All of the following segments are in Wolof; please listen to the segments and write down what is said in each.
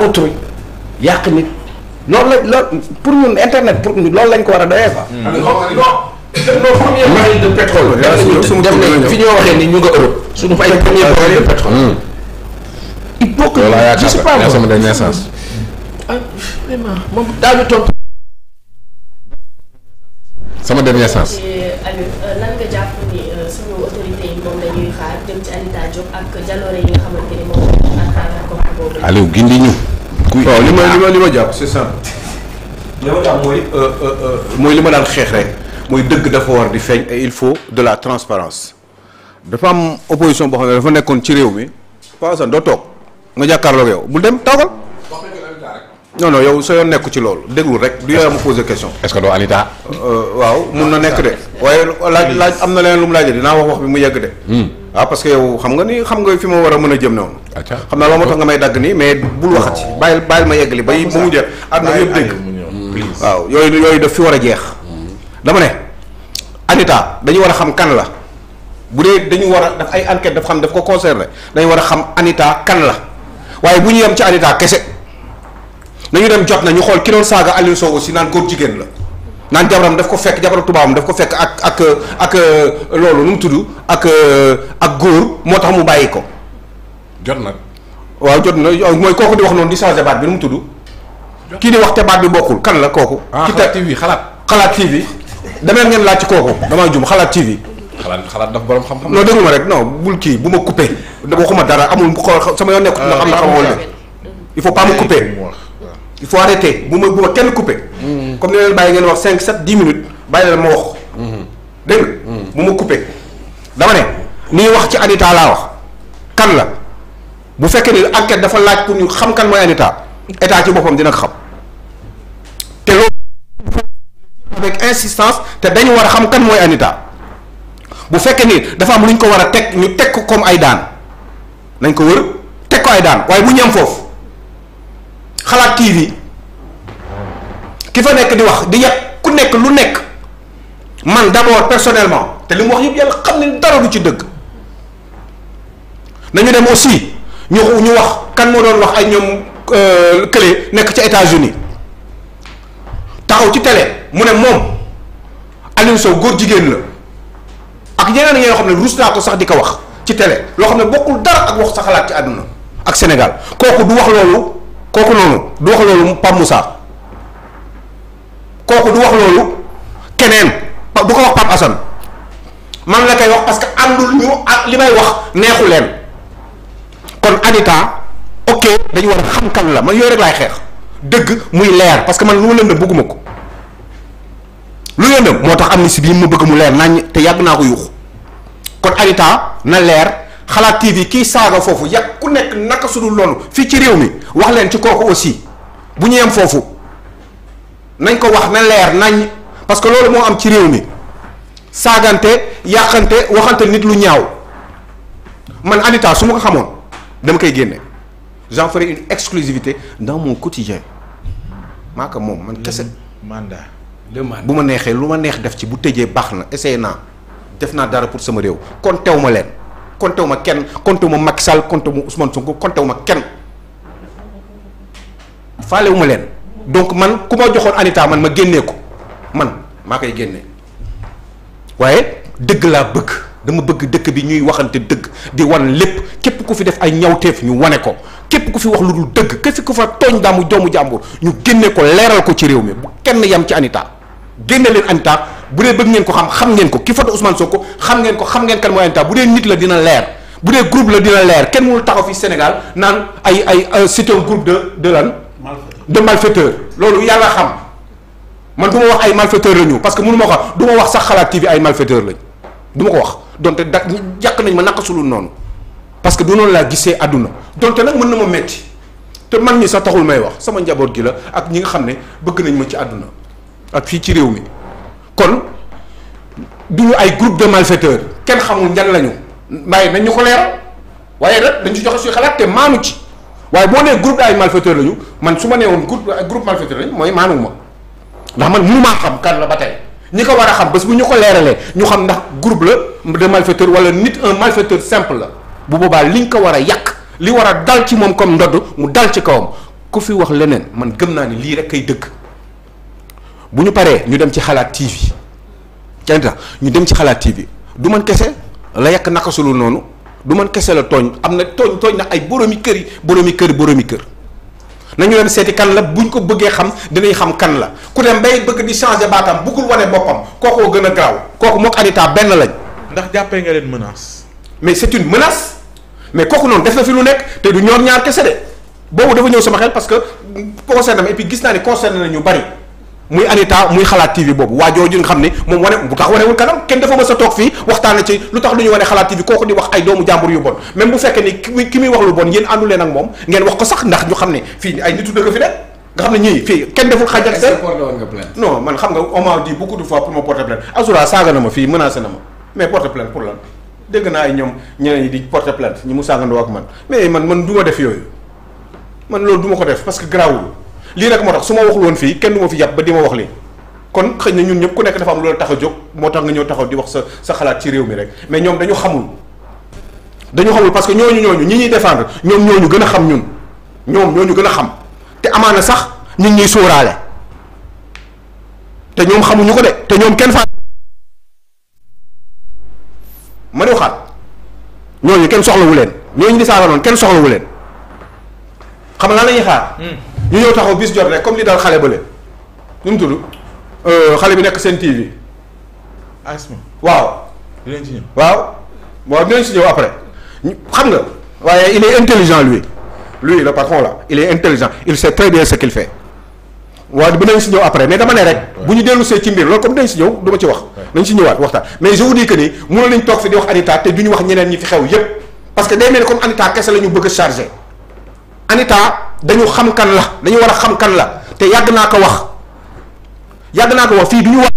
à autrui yàq nit loolu la loolu pour ñun internet pour loolu lañ ko war a doyee quoi. nos premiers barils de pétrole. def fi ñoo waxee ni ñu nga Europe. suñu ay premiers barils de pétrole. il faut que je sais pas moi. ah vraiment moom daañu tontu. sama dernier sens. lan nga jàpp ni suñu autorité yi moom la ñuy xaar dem ci Anita Diop ak jaloore yi nga xamante ni moom Aliou gindi ñu. kuy non li ma li ma li ma jàpp c'est ça li ma jàpp mooy euh, euh, euh, mooy li ma daan xeex rek mooy dëgg dafa war di feeñ et il faut de la transparence dafa am opposition boo xam ne dafa nekkoon ci réew mi pasan doo toog nga jàkkaarloog yow bul dem toogal non yow soo yoon nekk ci loolu déglu rek du yow ma posé question. est-ce que doo Anita. waaw mun na nekk de waaye laaj laaj am na leen lu mu laaj dinaa wax wax bi mu yegg de. Hmm. waaw ah, parce que xam nga ni xam nga fi ma war a mën a jëm noonu. xam naa loo ma tax nga may dagg nii mais bul waxat ci bàyyil bàyyil ma yeggali ba mu mujjee na yëpp dégg mm. waaw yooyu yooyu daf fi war a jeex mm. dama ne Anita dañu war a xam kan la bu dee dañu war a daf ay enquête daf xam daf ko concerné dañu war a xam Anita kan la waaye bu ñu yem ci Anita kese nañu dem jot na ñu xool ki doon saaga Aliou Sow aussi naan góor jigéen la naan jabaram daf ko fekk jabaram tubaabam daf ko fekk ak ak ak euh, loolu nu mu tudd ak euh, ak góor moo tax mu bàyyi ko. jot nag waaw jot na mooy kooku di wax noonu di changé baat bi nu tudd. kii di wax te baat bi bokkul kan la kooku. ci ah, xalaat TV xalaat. xalaat TV demee ngeen laaj ci kooku damaa jum xalaat TV. xalaat xalaat daf borom xam-xam. non ma rek non bul kii bu ma coupé waxuma dara amul xool sama yoon nekkut ndax am na xam wala il faut pas me couper. il faut arrêter bu ma bu ma kenn coupé. Mm-hmm. comme ni leen bàyyi ngeen wax 5 7 10 minutes bàyyi leen ma wax. Mm-hmm. dégg mm-hmm. bu ma coupé. dama ne ni wax ci Anita laa wax kan la bu fekkee ni enquête dafa laaj pour ñu xam kan mooy Anita état ci boppam dina ko xam te loolu avec insistance te dañu war a xam kan mooy Anita bu fekkee ni dafa am luñ ko war a teg ñu teg ko comme ay daan nañ ko wër teg ko ay daan waaye bu ñu am foofu. xalaat TV ki fa nekk di wax di yàq ku nekk lu nekk man d'abord personnellement te li mu wax yëpp yàlla xam ne dara du ci dëgg nañu dem aussi ñu ñu wax kan moo doon wax ay ñoom clé euh, nekk ci États-Unis taxaw ci télé mu ne moom Aliou Sow góor jigéen la ak yeneen yoo xam ne rus naa ko sax di ko wax ci télé loo xam ne bokkul dara ak wax sa xalaat ci àdduna ak Sénégal kooku du wax loolu. kooku noonu du wax loolu Pape Moussa kooku du wax loolu keneen du ko wax Pape Assane man la koy wax parce que àndul ñu ak li may wax neexu leen kon Anita ok dañu war a xam kan la man yooyu rek laay xeex dëgg muy leer parce que man lu lëndëm bëgguma ko lu lëndëm moo tax am amnistie bi ma bëgg mu leer nañ te yàgg naa ko yuuxu kon Anita na leer. xalaat TV kii saaga foofu yàq ku nekk naka sudul loolu fii ci réew mi wax leen ci kooku aussi bu ñu am foofu nañ ko wax na leer nañ parce que loolu moo am ci réew mi saagante yàqante waxante nit lu ñaaw man Anita su ma ko xamoon dama koy génne j'en ferai une exclusivité dans mon quotidien maa ko moom man kese mandat bu ma neexee lu ma neex def ci bu tëjee baax na essayé naa def naa dara pour sama réew kon tew ma leen compté wu ma kenn compté wu ma Macky Sall compté wu ma Ousmane Sonko compté wu ma kenn faale ma leen donc man ku ma joxoon Anita man ma génnee ko man maa koy génnee waaye dëgg laa bëgg dama bëgg dëkk bi ñuy waxante dëgg di wan lépp képp ku fi def ay ñawteef ñu wane ko képp ku fi wax lu dul dëgg képp ku fa tooñ daamu doomu jàmbur ñu génne ko leeral ko ci réew mi bu kenn yam ci Anita génne leen Anita. bu dee bëgg ngeen ko xam xam ngeen ko ki foto Ousmane Sonko xam ngeen ko xam ngeen kan mooy Anita bu dee nit la dina leer bu dee groupe la dina leer kenn mënul taxaw fi Sénégal naan ay ay c'est un groupe de de lan. de malfaiteur loolu yàlla xam man du wax ay malfaiteur la ñu parce que mënu ma ko du wax sax xalaat TV ay malfaiteur lañ du ma ko wax donte da jàq nañ ma naka noonu parce que du noonu laa gisee àdduna donte nag mën na ma metti te man mi sax taxul may wax sama njaboot gi la ak ñi nga xam ne bëgg nañ ma ci àdduna ak fii ci réew mi kon duñu ay groupe de malfaiteurs kenn xamul ñan lañu mbay nañ ñu ko leeral waaye rek dañ ci joxe suy xalaat te maanu ci waaye boo nee groupe ay malfaiteurs lañu man su ma nee woon groupe groupe malfaiteur lañu mooy maanu ma ndax man mënumaa xam kan la ba tey ñi ko war a xam bés bu ñu ko leeralee ñu xam ndax groupe la de malfaiteur wala nit un malfaiteur simple la bu boobaa liñ ko war a yàq li war a dal ci moom comme ndodd mu dal ci kawam ku fi wax leneen man gëm naa ni lii rek kay dëgg. bu ñu paree ñu dem ci xalaat TV kenn tax ñu dem ci xalaat TV du man kese la yàq naka su noonu du man kese la tooñ am na tooñ tooñ na ay boroomi kër yi boroomi kër boroomi kër nañu dem seeti kan la buñ ko bëggee xam dinañ xam kan la ku dem bay bëgg di changer baatam bëggul wane boppam kookoo gën a gaaw kooku mook Anita benn lañ. ndax jàppee nga leen menace. mais c'est une menace mais kooku noonu def na fi lu nekk te du ñoom ñaar kese de boobu dafa ñëw sama xel parce que mm, concerné ma et gis naa ne concerné na ñu bari. muy Anita muy xalaat TV boobu waa jooju nga xam ne moom wane bu tax wanewul kanam kenn dafa mës a toog fii waxtaana ci lu tax lu ñu wane xalaat TV kooku di wax ay doomu jàmbur yu bon même bu fekkee ni ki muy wax lu bon yéen àndu ak moom ngeen wax ko sax ndax ñu xam ne fii kenn deful xaj ak seen man xam nga on m'a dit beaucoup de pour ma porter plainte Azoura saaga na ma fii menacé na ma mais porter plainte pour lan dégg naa ay ñoom ñeneen ñi parce que garaawul lii rek moo tax su ma waxul woon fii kenn du ma fi yàpp ba di ma wax lii kon xëy na ñun ñëpp ku nekk dafa am loolu tax a jóg moo tax nga ñëw taxaw di wax sa sa xalaat ci réew mi rek mais ñoom dañu xamul dañu xamul parce que ñooñu ñooñu ñi ñuy défendre ñoom ñooñu gën a xam ñun ñoom ñooñu gën a xam te amaana sax ñun ñuy sóoraale te ñoom xamuñu ko de te ñoom kenn faa ma ne waxaat ñooñu kenn soxlawu leen ñooñu di saara noonu kenn soxlawu leen xam nga lan la xaar hmm. ñu ñëw taxaw bis jot rek comme li daal xale bële nu mu tudd euh, xale bi nekk seen TV. asma waaw. dinañ ci ñëw waaw. waaw dinañ ci ñëw après xam nga waaye il est intelligent lui lui le patron là il est intelligent il sait très ce qu'il fait waaw dinañ ci ñëw après mais dama ne rek. bu ñu dellu ci mbir loolu comme dinañ ci ñëw du ci wax. nañ ci ñëwaat waxtaan mais je vous dis que ni mënoon toog fi di wax Anita te duñu wax ñeneen ñi fi xew yépp parce que day mel comme Anita chargé. Anita dañu xam kan la dañu war a xam kan la te yàgg naa ko wax yàgg naa ko wax fii bi ñu wax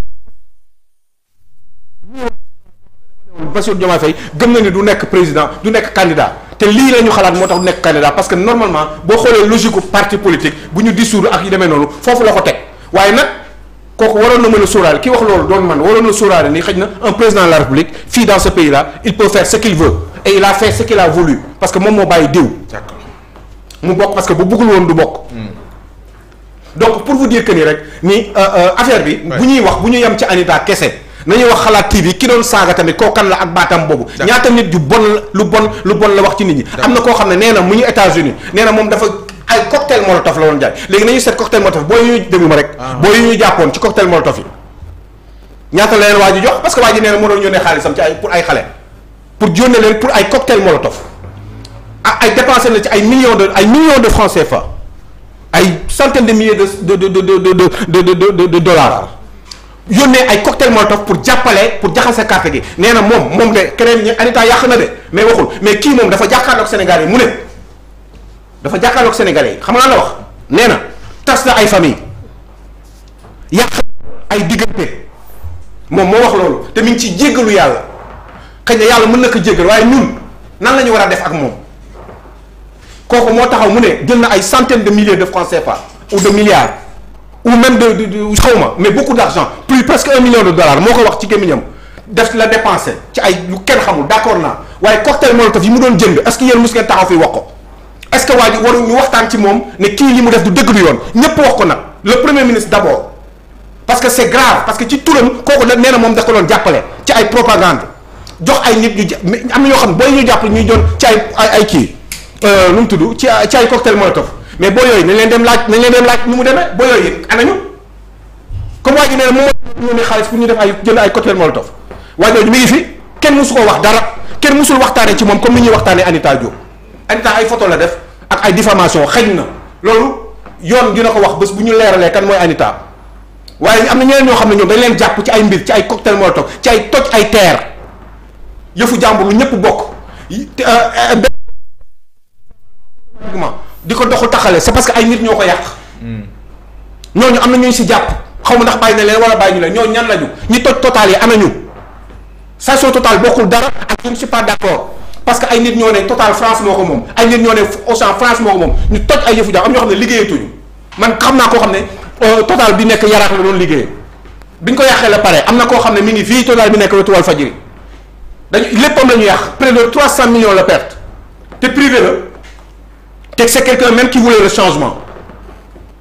Bassirou Diomaye Faye gëm na ni du nekk président du nekk candidat te lii la xalaat moo tax du nekk candidat parce que normalement boo xoolee logique u parti politique bu ñu dissoudre ak yu demee noonu foofu la ko teg waaye nag kooku waroon na mën a sóoraale ki wax loolu doon man waroon na sóoraale ni xëy na un président de la république fii dans ce pays là parce que moom moo bàyyi diw mu bokk parce que bu bëggul woon du bokk. Hmm. donc pour vous dire que ni rek ni euh, euh, affaire bi. bu ñuy wax bu ñu yem ci Anita kese. na nañuy wax xalaat TV ki doon saaga tamit koo kan la ak baatam boobu. ñaata nit ju bon lu bon lu bon la wax ci nit ñi. am na koo xam ne nee na mu ñu États-Unis nee na moom dafa ay cocktail molotov la doon jaay léegi nañuy seet cocktail molotov boo yu ñu déglu ma rek. Ah. booy yu ñu jàppoon ci cocktail molotov yi. ñaata la leen waa ji jox parce que waa ji nee na moo doon yónnee xaalisam ci ay pour ay xale pour yónnee leen pour ah ay dépensé na ci ay millions de ay millions de francs CFA ay centaines de milliers de de de de de de de de dollars yónnee ay cocktail molotov pour jàppale pour jaxase carte gi nee na moom moom de keneen ñi Anita yàq na de mais waxul mais kii moom dafa jàkkaarloog Sénégalais mu ne dafa jàkkaarloog Sénégalais yi xam nga la wax nee na tas na ay famille yàq ay diggante moom moo wax loolu te mi ngi ci jéggalu yàlla xëy na yàlla mën na ko jéggal waaye ñun nan la ñu war a def ak moom. kooku moo taxaw mu ne jël na ay centaines de milliers de francs CFA ou de milliards ou même de de xawma mais beaucoup d'argent plus presque un million de dollars moo ko wax ci gémmiñam def la dépenser ci ay lu kenn xamul d'accord naa waaye cocktail molotov yi mu doon jënd est-ce que yéen taxaw fi wax ko est-ce waa ji waru waxtaan ci moom ne kii li mu def du dëgg du yoon ñépp wax ko nag le premier ministre d'abord parce que c'est grave parce que ci turam kooku da nee na ay propagande am na xam booy ñu jàppale ñuy doon kii Euh, nu mu tuddu ci ci ay cocktail molotov mais boo yooyu na leen dem laaj na leen dem laaj nu mu demee boo yooyu anañu comme waa ji nee na moom moo ne xaalis pour ñu def ay jënd ay cocktail molotov waaye jooju mi ngi fi koo wax dara kenn musul waxtaanee ci moom comme ni ñuy waxtaanee Anita Diop Anita ay photo la def ak ay diffamation xëj na loolu yoon dina ko wax bés bu ñu leeralee kan mooy Anita waaye am na ñeneen ñoo xam ne ñoom dañ leen jàpp ci ay mbir ci ay cocktail molotov ci ay toj ay terre yëfu jàmbur lu ñëpp bokk euh, euh, ko doxu taxale c'est parce que ay nit ñoo ko yàq. ñooñu am na ñu si jàpp xaw ma ndax bàyyi na leen wala bàyyi ñu leen ñooñu ñan lañu ñi toj total yi ana ñu station total bokkul dara ak je ne suis pas d'accord parce que ay nit ñoo ne total France moo ko moom ay nit ñoo ne Auchan France moo ko moom ñu toj ay yëfu jàmm am ñoo xam ne liggéeyatuñu man xam naa koo xam ne euh, total bi nekk yaraax la doon liggéey bi ñu ko yàqee la pare am na koo xam ne mi ngi fii total bi nekk wetu Walfadjri dañu léppam la ñu yàq près de te c'est quelqu'un même qui voulait le changement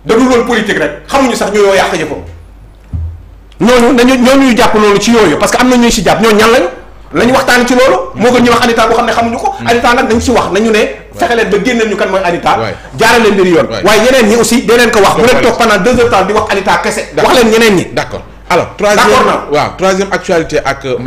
da dul woon politique rek xamuñu sax ñoo yàq ñu ko ñooñu dañu ñooñu ñu jàpp loolu ci yooyu parce que am na ñu si jàpp ñooñu ñan lañu lañu waxtaan ci loolu. moo gën ñu wax Anita boo xam ne xamuñu ko. Hmm. Anita nag dañ si wax nañu ne. fexe leen ba génneel ñu kan mooy Anita. jaarale mbir yoon. waaye yeneen ñi aussi dee leen ko wax. bu leen toog pendant deux heures di wax Anita kese. wax leen ñeneen ñi. d' accord alors troisième waaw troisième actualité ak euh,